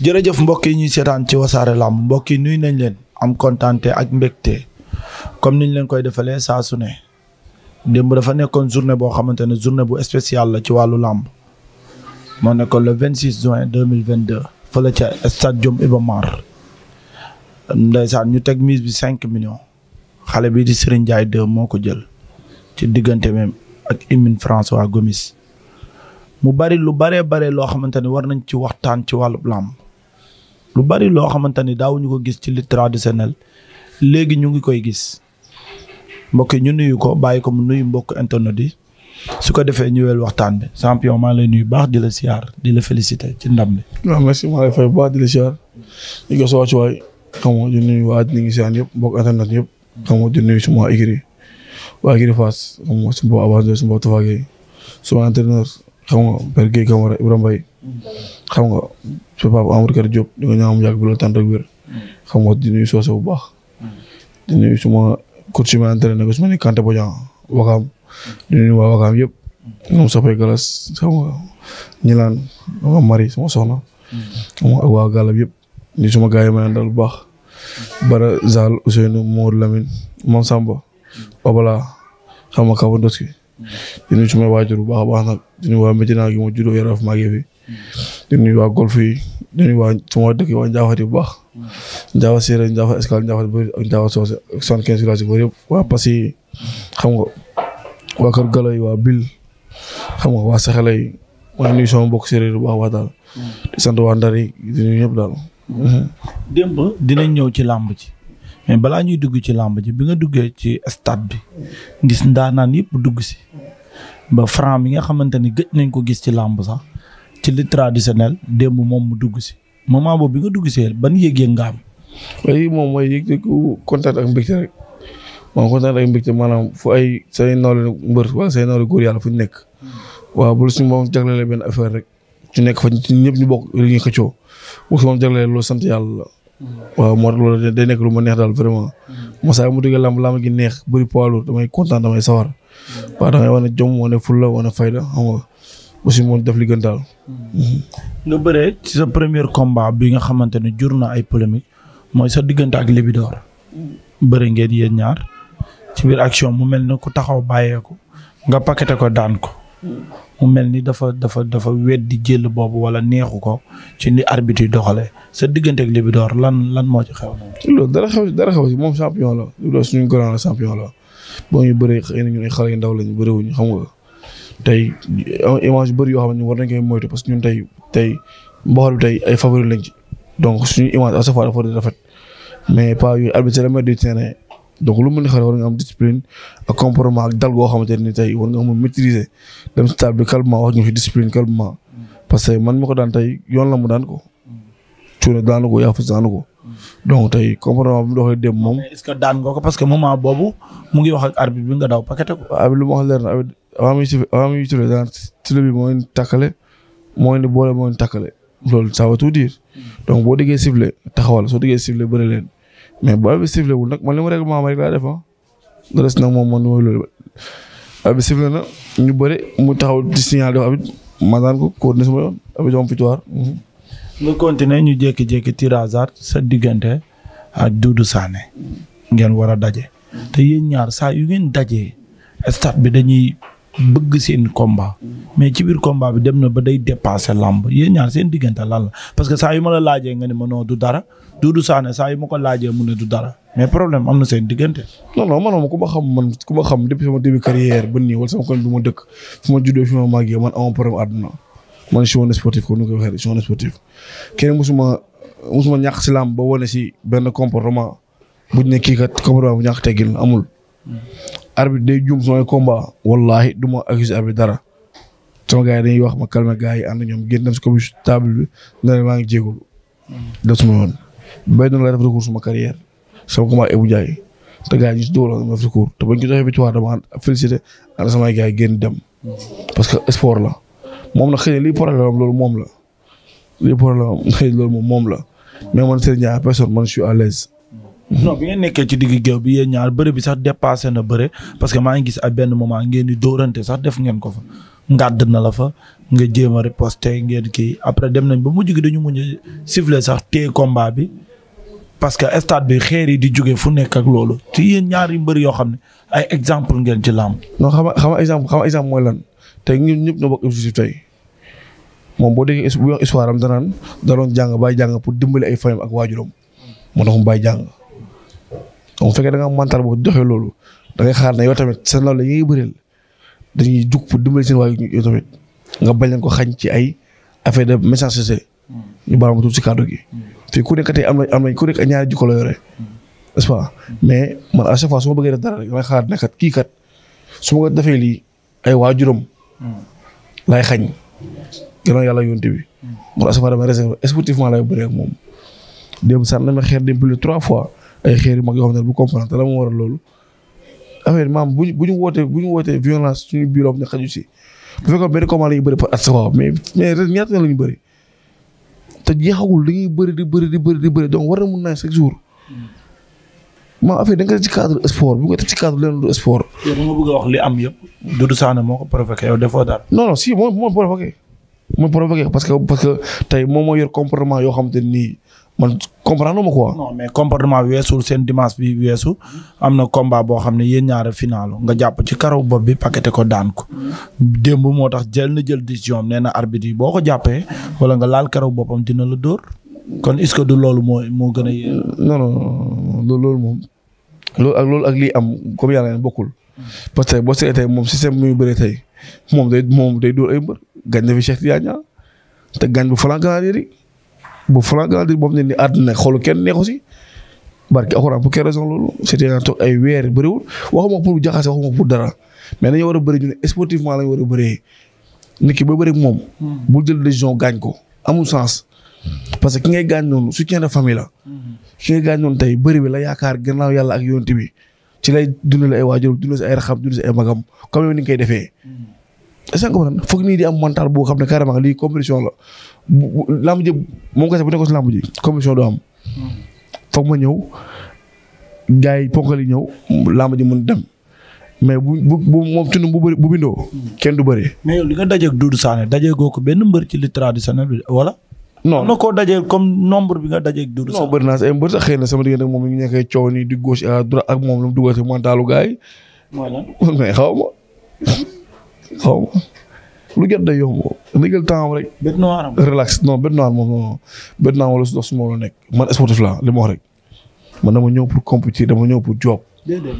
jërëjëf mbokk yi ñuy seetaan ci wasaare làmb mbokk yi nuyu nañ leen am kontaante ak mbégte comme niñ leen koy defalee saa su ne démb dafa nekkoon journée boo xamante ne journée bu spéciale la ci wàllu làmb moo nekkoon le 26 juin 2022 fële ca stade Jom Iba Mar ndeysaan ñu teg mise bi cinq millions xale bi di Serigne Ndiaye 2 moo ko jël ci diggante même ak Imine François Gomis mu bari lu baree bare loo xamante ne war nañ ci waxtaan ci wàllu làmb lu bari loo xamante ni daawuñu ko gis ci li traditionnel léegi ñu ngi koy gis mbokk yi ñu nuyu ko bàyyi ko mu nuyu mbokk internet yi su ko defee ñëweel waxtaan bi champion maa ngi lay nuyu baax di la siyaar di la féliciter ci ndam bi. waaw merci maa lay fay bu baax di la siyaar di gëstu waa ci waay xam nga di nuyu waa di ngi siyaan yëpp mbokk internet yëpp xam nga di nuyu suma écurie waa écurie Fass xam nga suma Abass Ndoye suma Tafa Gueye suma entraîneur xam nga Père Gueye Camara Ibrahima Mbaye xam nga su papa Amadou Kër Diop di ko mu yàgg bi la tant ak wér. Mm. xam bu baax. Mm. di nuyu suma coach bi ma entraîné ko su ma ni Kanté Bodian Wakaam di nuyu waa Wakaam yëpp. Mm. ñoom soppay suma gars yi ma àndal bu baax. Bara Zal Ousseynou Mour Lamine Mam Samba. Obala xam nga Kabandoski. di nuyu suma waajur bu baax a baax nag di nuyu waa Medina gi ma juddoo Yaraafu maa ngi di bu baax. Ndiakhate Séeréer Ndiakhate Escale Ndiakhate Bari ak Ndiakhate Socé ak soixante nga waa Kër Gala yi waa Bil xam nga hmm. hmm. dinañ ñëw ci làmb ji mais balaa ñuy dugg ci làmb ji bi nga duggee ci stade bi gis ndaanaan yëpp dugg si ba Franc nga xamante ni gëj nañ ko gis ci làmb sax. ci li traditionnel démb moom mu dugg si moment boobu bi nga dugg see ban yëg-yëg nga am. yëg moom mooy yëg contact ak mbégte rek moom contact ak mbégte maanaam fu ay say nawle mbër wala say nawle góor yàlla fu ñu nekk. waaw bu la suñu moom jaglelee benn affaire rek ci nekk fa ñëpp ñu bokk li ñuy xëccoo bu su moom jaglelee loolu sant yàlla la. waaw moo tax loolu day nekk lu ma neex daal vraiment. Moussa mu duggee lamb lamb gi neex bëri poids lourd damay kontaan damay sawar. waaw damay wane jom wane fulla wane fayda xam nga aussi moom def li daal. nga bëree ci sa première combat bi nga xamante ne jur na ay polémique mooy sa diggante ak Libidor. bëri ngeen yéen ñaar ci biir action mu mel ni ku taxaw bàyyeeku nga pakete ko daan ko. mu mel ni dafa dafa dafa weddi jël boobu wala neexu ko ci ndi arbitre yi doxalee sa diggante ak Libidor lan lan moo ci xew. loolu dara xew dara xew si moom champion la Libidor suñu grand la champion la boo ñu bëree xëy na ñu ay yu ndaw lañu bëriwuñu xam nga. tey euh, image yu bëri yoo xam ne war nañ koy moytu parce que ñun tey tey bi tey ay favori lañ donc suñu image à chaque fois dafa rafet mais a xale war parce que man mi ko daan tey yoon la mu daan ko. cuune daanu ko yaafus daanu ko. donc tey comportement bi mu ngi wax ak bi nga daw paquet ko. arbitre lu ma leer na avant muy suuf avant muy suuf daan tilo moo leen takkale moo leen hmm. donc boo déggee sifflet taxawal soo déggee sifflet bëri leen mais boo bi sifflet wul nag man li mu règlement rek laa def ah le reste nag moom man mooy loolu ba bi sifflet na ñu bëri mu taxaw di signal def abit ma daan ko continuer sama yoon abit am victoire hmm. nga continuer ñu jékki-jékki tirage sa diggante a Doudou Sané ngeen war a daje hmm. te yéen ñaar saa yu ngeen dajee stade bi dañuy bëgg seen combat. mais ci biir combat bi dem na ba day dépasser làmb yéen ñaar seen diggante lan la parce que saa yu ma la laajee nga ne ma non du dara Doudou Sané saa yu ma du dara mais problème am na seen diggante. non non ma ku ma xam ku ma xam depuis sama ma dëkk fu ma juddoo fi ma màggee man ko waxee je suis un sportif kenn musuma musuma ñàkk si làmb ba wane si benn comportement buñ ne kii kat comportement bu ñàkk teggil amul. arbitre day juum sama combat wallahi du ma accuse arbitre dara sama gars yi wax ma calmer gars yi ànd ñoom génn dem si commune table bi ne leen maa ngi jégalu. de ma yoon béy noonu lay def recours sama carrière sama combat Ebou Ndiaye te gars yi ñu si dóor def recours te bañ ko joxee victoire dama félicité ànd samay gars yi génn dem. parce que sport la moom la xëy na lii problème am loolu moom la lii problème am xëy na loolu moom la mais man Serigne a personne man suis à l'aise non bi ngeen nekkee ci digg géew bi yéen ñaar bëre bi sax dépassé na bëre parce que maa ngi gis ay benn moment ngeen di dóorante sax def ngeen ko fa. ngàdd na la fa nga jéem a riposte ngeen kii après dem nañ ba mujj gi dañu mujj a siffler sax téye combat bi parce que stade bi xeer yi di jóge fu nekk ak loolu te yéen ñaar yu yoo xam ne ay exemple ngeen ci làmb. non xam xam exemple xam exemple mooy lan tey ñun ñëpp ñoo bokk objectif tey moom boo déggee bu wax histoire am danaan da jàng bàyyi jàng pour dimbali ay fayam ak waajuram moo tax mu bay jàng. bu fekkee da nga mental boobu doxee loolu dangay xaar na yow tamit seen loolu la ñuy bëreel dañuy jug pour dimbali seen waay yow tamit nga bañ leen ko xañ ci ay affaire de message ñu baal ma tuuti si kàddu gi. fii ku nekk tey am nañ am nañ ku nekk ñaari jikko la yore. n'est-ce mais man à chaque fois su ma bëggee def dara rek damay xaar ne kat kii kat su ma ko defee lii ay waajuram. laay xañ. gannaaw yàlla yonte bi. man a chaque fois damay réservé sportivement lay bëree moom. démb sax na ma xeer démb de fois. ay xeer yu mag yoo xam ne bu comprendre te la loolu affaire maam bu ñu bu ñu wootee bu ñu wootee violence suñu bureau ne xaju si bu fekkoon benn commande yi bëri par at sax mais mais ren ñaata la bëri te jeexagul di bëri di bëri di bëri donc war mun naa chaque jour maam affaire da nga ci cadre sport bu nga def ci cadre du sport. yow ma bëgg wax li am yëpp. Doudou Sané moo ko provoqué yow defoo daal non non si moom moo provoqué. moo provoqué parce que parce que tey moom moo yor comportement yoo xam te nii man comprendre ma quoi. non mais comportement weesul seen dimanche bi weesu am na combat boo xam ne yéen ñaara final nga jàpp ci karaw bopp bi paquete ko daan ko. démb moo tax jël na jël décision nee na arbitre yi boo ko jàppee wala nga laal karaw boppam dina la dóor. kon est-ce que du loolu moo moo gën a. non loolu moom loolu ak loolu ak lii am comme yàlla na bokkul. parce que boo seetee moom système bi muy bëree tey moom day moom day dóor ay mbër gañ na fi Cheikh Tidiane te gañ bu Franc Ganaar bu Franck Aldir boobu ne ni àdduna xoolu kenn neexu si barki alxuraan pour quelle raison loolu c'était toog ay weer bëriwul waxuma pour jaxase waxuma pour dara mais nañu war a bëri ñu ne sportivement war a bëree nit ki ba bëri moom. bul jël décision gaañ ko amul sens. parce que ngay gaañ noonu su de famille la. ki ngay gaañ noonu tey bëri bi la yaakaar gannaaw yàlla ak yonent bi ci lay dundal ay waajur dundal si ay raxam dundal si ay magam comme ni nga koy defee. est-ce que nga foog nii di am mental boo xam ne carrément lii compétition la bu bu làmb ji moom kese bu nekkoon si làmb ji compétition du am. foog ma ñëw gars yi ponkali ji mën dem mais bu bu bu moom tunu bu bëri bu bindoo. kenn du bëri. mais yow li nga dajeeg Doudou Sané dajee goo ko benn mbër ci li traditionnel bi wala. non na koo dajee comme nombre bi nga dajeeg Doudou Sané. non bëri naa si xëy na sama diggante moom mi ngi nekkee coow di gauche ak moom lu mu dugal si mentalu gars yi. voilà mais xaw ma. xaw lu jot day yomb a jël temps rek. bët noir am relax non bët noir moom non bët noir wala su dox su ma nekk la li ma wax rek man dama ñëw pour compétir dama ñëw pour job.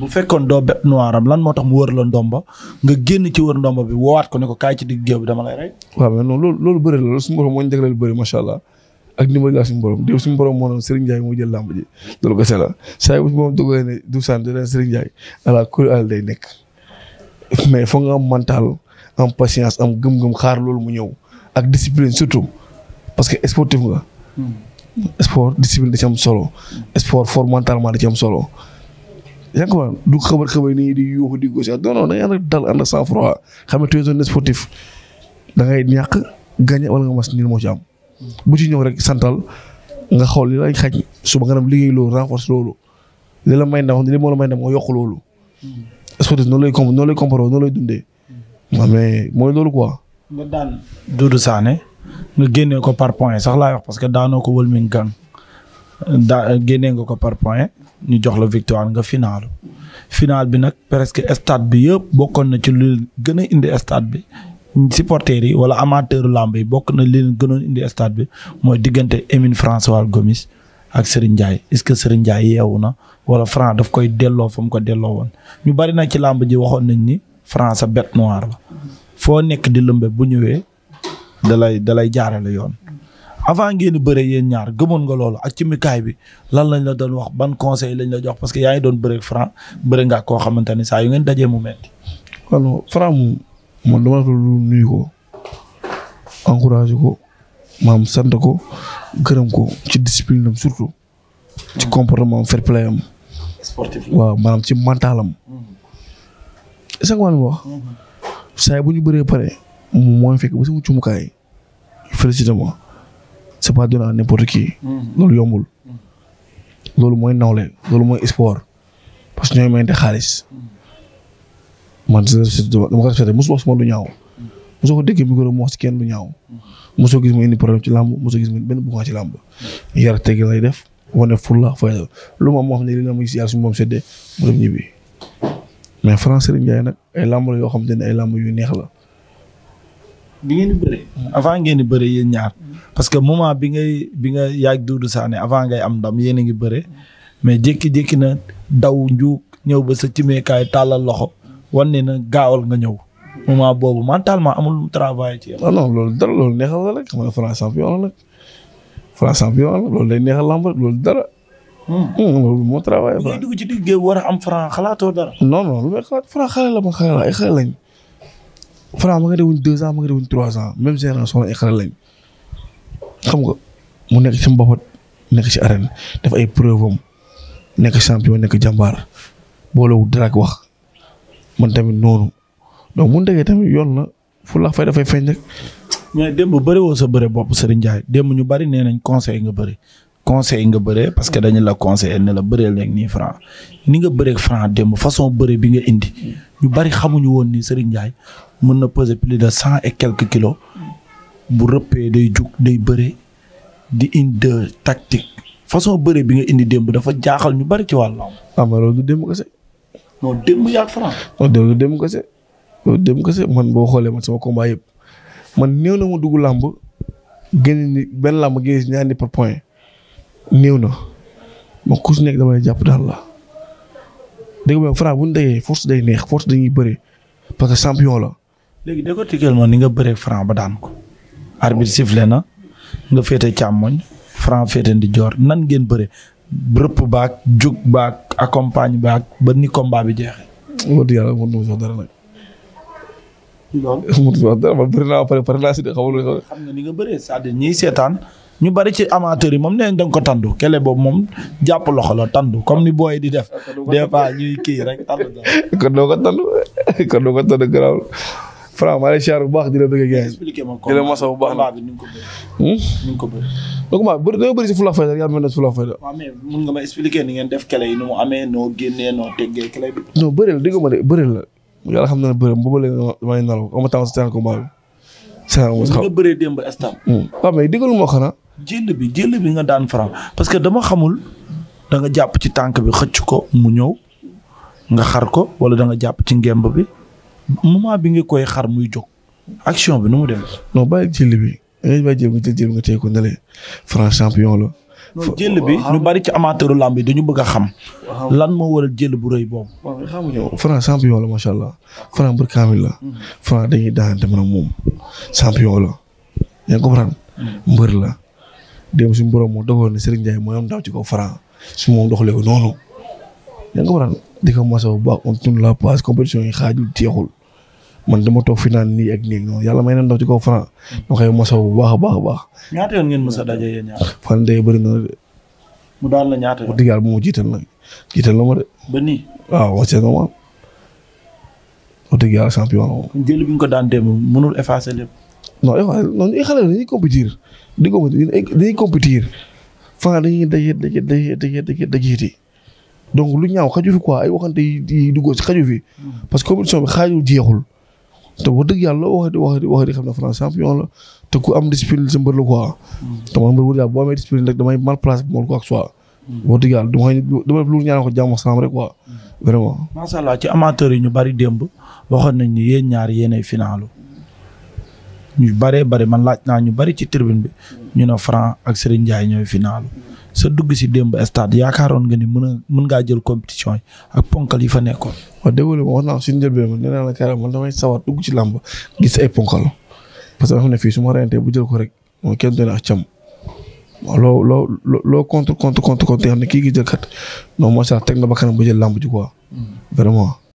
bu fekkoon doo bët noir am lan moo tax mu wër la ndomba nga génn ci wër ndomba bi woowaat ko ne ko kaay ci digg géew loolu loolu bëri la loolu moo ñu jagleel bëri macha allah ak ni ma gis suñu borom déw suñu borom moo doon Serigne Ndiaye jël làmb ji loolu kese la saa yu borom dogalee ne du sant leen Serigne Ndiaye ala kulli àll day nekk mais foog nga am mental am patience am gëm-gëm xaar loolu mu ñëw ak discipline surtout parce que sportif nga. Hmm. sport discipline da ci am solo. sport fort mentalement da ci am solo. yaa ngi du xabar xabar nii di yuuxu di gauche non non da ngay ànd ak dal ànd ak sang froid xam ne tu es un ñàkk gagné wala nga mas nii moo ci bu ci ñëw rek santal nga xool li lay xaj suba nga dem liggéey loolu renforce loolu li may ndam li moo la may ndam nga sotti noonu lay com noonu lay comparé noonu lay dundee. Mm-hmm. waaw mais mooy loolu quoi. nga daan Doudou Sané nga génnee ko par point sax laay parce que daanoo ko wëlmin gang daa génnee nga ko par point ñu jox la victoire nga final. final bi nag presque stade bi yëpp bokkoon na ci lu gën a indi stade bi. supporters yi wala amateur lamb yi bokk na leen gënoon indi stade bi mooy diggante Emine François Gomis ak Serigne Ndiaye est-ce que Serigne Ndiaye yeewu na wala Franc daf koy delloo fa mu ko delloo woon ñu bari nag ci làmb ji waxoon nañ ni Franc sa bête noire la foo nekk di lëmbe bu ñëwee dalay dalay jaarale yoon. avant ngeen bëre yéen ñaar gëmoon nga loolu ak ci mikaay bi lan lañ la doon wax ban conseil lañ la jox parce que yaa ngi doon bëre Franc bëre nga koo xamante ne saa yu ngeen dajee mu metti alors Franc moom man dama ko nuyu ko encouragé ko maam sant ko gërëm ko ci discipline am surtout. ci hmm. comportement fair play am. sportif waaw maanaam ci mental am. Hmm. est-ce que ma wax. Hmm. saa bu ñu bëree pare mooy fekk ba si mucc mukaay c'est pas donné à qui. loolu yombul. loolu mooy nawle loolu mooy sport parce que ñooy mayante xaalis. man dama ko respecté mosuma wax suma lu ñaaw. mosoo ko dégg micro mu wax ci kenn du ñaaw mosoo gis mu indi problème ci làmb mosoo gis mu benn bu ci làmb yar teg lay def wane fulla fayda lu moom moo xam ne li la ma gis yàlla suñu moom seddee mu dem ñibbi mais Franc Serigne Ndiaye nag ay làmb la yoo xam te ne ay làmb yu neex la. bi ngeen di bëre avant ngeen di bëre yéen ñaar parce que moment bi ngay bi nga yaag Doudou Sané avant ngay am ndam yéen a ngi bëre mais jékki-jékki na daw njuug ñëw ba sa cimeekaay tàllal loxo wan na gaawal nga ñëw moment boobu mentalement amul lu travail ci. ah non loolu dara loolu neexal la hmm. Hmm, loolu moo travail. bu dugg ci war am Franc xalaatoo dara. non non xalaat Franc la ma xale la ay xale lañ. Franc deux ans ma nga dewoon trois ans mu nekk ci mbapat nekk ci arène nekk champion nekk jàmbaar boolewul dara ak wax man tamit noonu. donc bu ñu tamit yoon la fu la fay dafay feeñ rek. mais démb bëri woo sa bëre bopp Serigne Ndiaye démb ñu bëri nee nañ conseil nga bëri conseil nga bëree parce que dañu la conseillé ne la bëree léegi nii franc ni nga bëree franc démb façon bëre bi nga indi ñu bëri xamuñu woon ni Serigne Ndiaye mën na peser plus de cent et quelques kilos bu rëppee day jug day bëre di indi tactique façon bëre bi nga indi démb dafa jaaxal ñu bëri ci wàllu. am ah, na loolu du démb kese. non démb yaag franc. non loolu dem kese man boo xoolee man sama combat yëpp man néew na ma dugg làmb génn ni benn làmb génn si ñaari par point néew na ma ku si nekk damay jàpp daal la. dégg nga Franc bu ñu dajee force day neex force dañuy bëri parce que champion la. léegi décortiquer ma ni nga bëree Franc ba daan ko. arbitre sifflé na nga féete càmmoñ Franc féete nan ngeen bëre rëpp baak jug baa accompagne baak ba ni combat bi jeex wóor mënut wax dara man bëri naa pare pare naa si de xamul ni nga bëree c'est-à-dire seetaan ñu bari ci amateur yi moom nee nañ da ko tandu kele boobu moom jàpp loxo la tandu comme ni booy di def des fois ñuy kii rek tandu kon doo ko tandu kon doo ko tandu a gën di la masa bu ko bëri ni nga ko hmm? bëri donc maa bëri da nga bëri si fula fayda yaa mel ne fula fayda waaw mun nga ma expliquer ni ngeen def kele yi nu mu amee noo génnee noo teggee kele bi non bëril de bëril la yàlla xam na ne bëri boobu la damay nalaw amu temps bi. seetaan ma hmm. xanaa. jël bi jël bi nga daan Franc parce que dama xamul da nga jàpp ci tànk bi xëcc ko mu ñëw nga xar ko wala da jàpp ci ngemb bi moment bi nga koy xar muy jóg action bi nu mu demee. non bàyyi jël bi da jël nga nga téye ko ne champion non jël bi ñu bari ci amateuru làmb yi dañu bëgg a xam. lan moo waral jël bu rëy boobu. waaw xam nga yow Franc la macha allah Franc bër kaamil la. Mhm. Franc dañuy daanante mën a moom champion la. yaa ngi comprendre mhm. mbër la. démb suñu borom moo dogoon ne Serigne Ndiaye mooy am ndaw ci kaw Franc su moom ko noonu. yaa ngi comprendre di ko mos a bu baax on tourne la passe compétition yi xaajul jeexul. man dama toog fi naan nii ak nii yàlla may na ndox ci kaw Franc. Mm. ma koy mosaw bu baax a baax baax. ñaata yoon ngeen mos a daje yéen fan de bëri na de. mu daal la ñaata yoon wax dëgg yàlla bu ma jiital nag jiital la ma de. ba nii waaw wax dëgg yàlla moom. wax dëgg la ko daan démb mënul effacer lépp. non effacer non ñuy xale dañuy compétir di compétir dañuy compétir Franc dañuy daje daje daje daje daje donc lu ñaaw xaju fi quoi ay waxante yi duggoo ci xaju fi mm. parce que compétition bi xaaju jeexul. te bu dëgg yàlla loo wax di wax di wax di xam ne France champion la te ku am discipline sa mbër la quoi. te man mbër bu yàlla boo amee discipline rek damay mal ko ak soi. wax dëgg lu ñaan ko macha allah ci amateur yi ñu bari démb waxoon nañ ni yéen ñaar yéenay finaalu ñu baree bari man laaj naa ñu bari ci tribune bi ñu ne Franc ak Serigne Ndiaye ñooy finaalu sa dugg si démb stade yaakaaroon nga ni mën a mën ngaa jël compétition yi ak ponkal yi fa nekkoon. waaw déggoo ma wax naa suñu njëlbeen ma nee naa la carrément man damay sawar dugg ci làmb gis ay ponkal parce que xam ne fii su bu jël ko rek mooy kenn doon ak cam. loo loo loo contre contre contre contre yoo kii gi jël kat non macha allah teg na ba kanam bu jël làmb ji quoi. Hmm. vraiment.